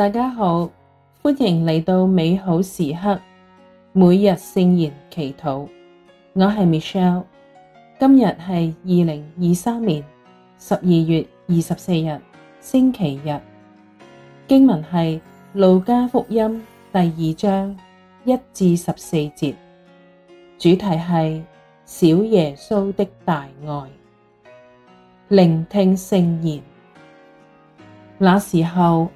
大家好，歡迎嚟到美好時刻，每日聖言祈禱。我係 Michelle，今日係二零二三年十二月二十四日，星期日。經文係路加福音第二章一至十四節，主題係小耶穌的大愛。聆聽聖言，那時候。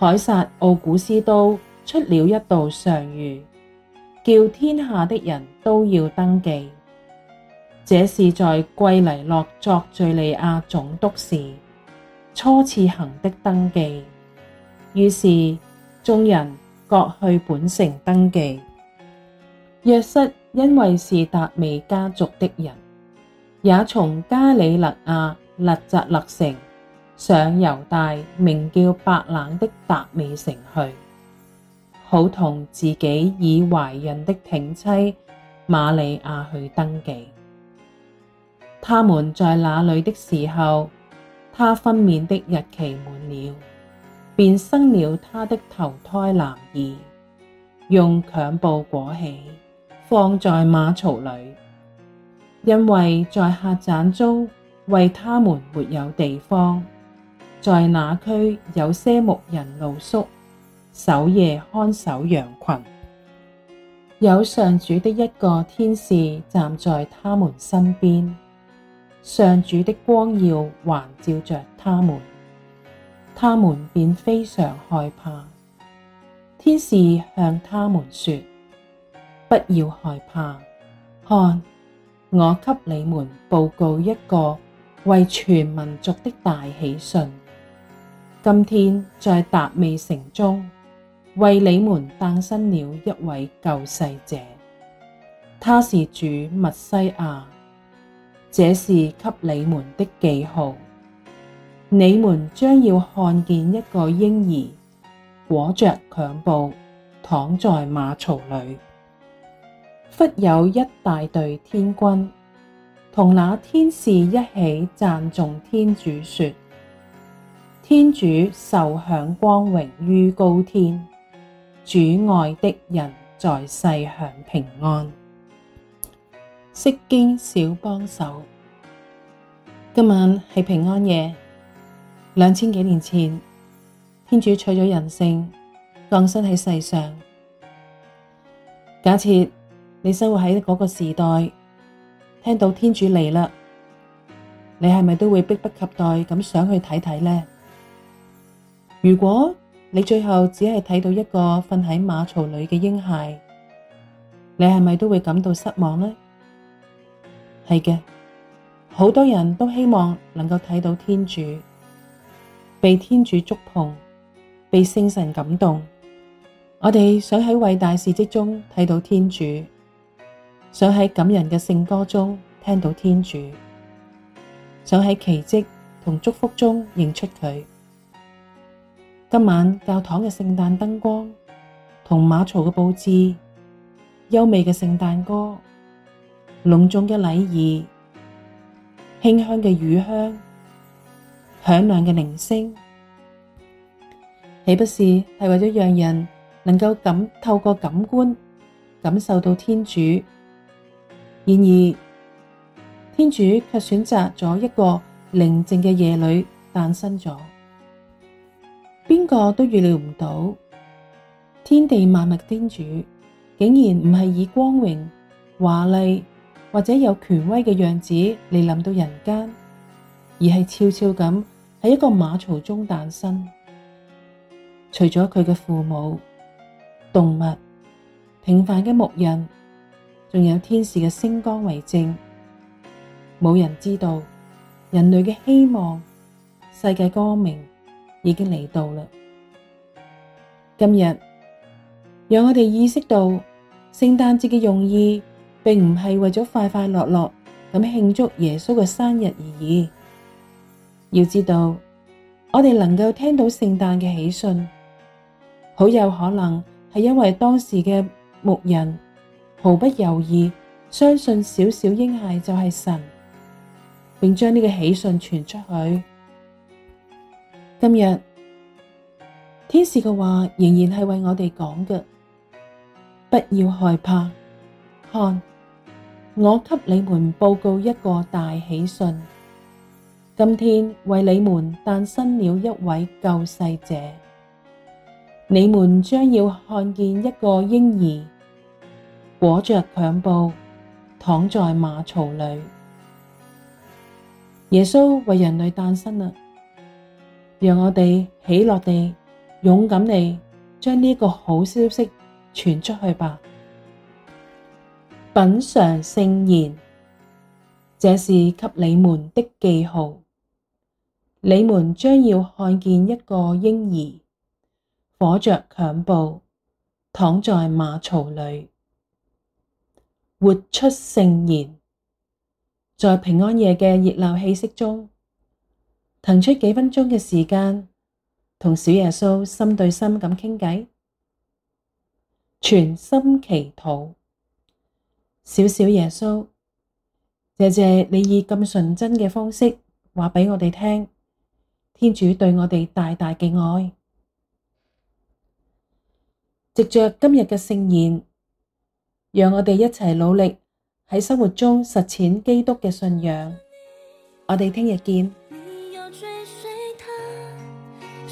凱撒奧古斯都出了一道上諭，叫天下的人都要登記。這是在季黎諾作敘利亞總督時，初次行的登記。於是，眾人各去本城登記。若瑟因為是達味家族的人，也從加里肋亞納匝肋城。上猶大名叫白冷的達味城去，好同自己已懷孕的聘妻瑪利亞去登記。他們在那裡的時候，她分娩的日期滿了，便生了她的頭胎男兒，用襁褓裹起，放在馬槽裏，因為在客棧中為他們沒有地方。在那區，有些牧人露宿，守夜看守羊群。有上主的一個天使站在他們身邊，上主的光耀環照着他們，他們便非常害怕。天使向他們說：不要害怕，看，我給你們報告一個為全民族的大喜訊。今天在達味城中為你們誕生了一位救世者，他是主默西亞。這是給你們的記號，你們將要看見一個嬰兒裹着襁褓，躺在馬槽裏，忽有一大隊天軍同那天使一起讚頌天主說。天主受享光榮於高天，主愛的人在世享平安。釋經小幫手，今晚係平安夜。兩千幾年前，天主取咗人性，降生喺世上。假設你生活喺嗰個時代，聽到天主嚟啦，你係咪都會迫不及待咁想去睇睇咧？如果你最後只係睇到一個瞓喺馬槽裏嘅嬰孩，你係咪都會感到失望呢？係嘅，好多人都希望能夠睇到天主，被天主觸碰，被聖神感動。我哋想喺偉大事蹟中睇到天主，想喺感人嘅聖歌中聽到天主，想喺奇蹟同祝福中認出佢。今晚教堂嘅聖誕燈光，同馬槽嘅布置，優美嘅聖誕歌，隆重嘅禮儀，馨香嘅乳香，響亮嘅鈴聲，豈不是係為咗讓人能夠感透過感官感受到天主？然而，天主卻選擇咗一個寧靜嘅夜裏誕生咗。邊個都預料唔到，天地萬物天主竟然唔係以光榮、華麗或者有權威嘅樣子嚟臨到人間，而係悄悄咁喺一個馬槽中誕生。除咗佢嘅父母、動物、平凡嘅牧人，仲有天使嘅星光為證。冇人知道人類嘅希望、世界光明，已經嚟到啦！今日讓我哋意識到，聖誕節嘅用意，並唔係為咗快快樂樂咁慶祝耶穌嘅生日而已。要知道，我哋能夠聽到聖誕嘅喜訊，好有可能係因為當時嘅牧人毫不猶豫相信小小嬰孩就係神，並將呢個喜訊傳出去。今日天使嘅話仍然係為我哋講嘅，不要害怕。看，我給你們報告一個大喜訊：今天為你們誕生了一位救世者，你們將要看見一個嬰兒，裹着襁褓，躺在馬槽裏。耶穌為人類誕生啦！讓我哋喜樂地、勇敢地將呢個好消息傳出去吧。品嘗聖言，這是給你們的記號。你們將要看見一個嬰兒裹着襁褓，躺在馬槽裏，活出聖言。在平安夜嘅熱鬧氣息中。騰出幾分鐘嘅時間，同小耶穌心對心咁傾偈，全心祈禱。小小耶穌，謝謝你以咁純真嘅方式話畀我哋聽，天主對我哋大大嘅愛。藉着今日嘅聖言，讓我哋一齊努力喺生活中實踐基督嘅信仰。我哋聽日見。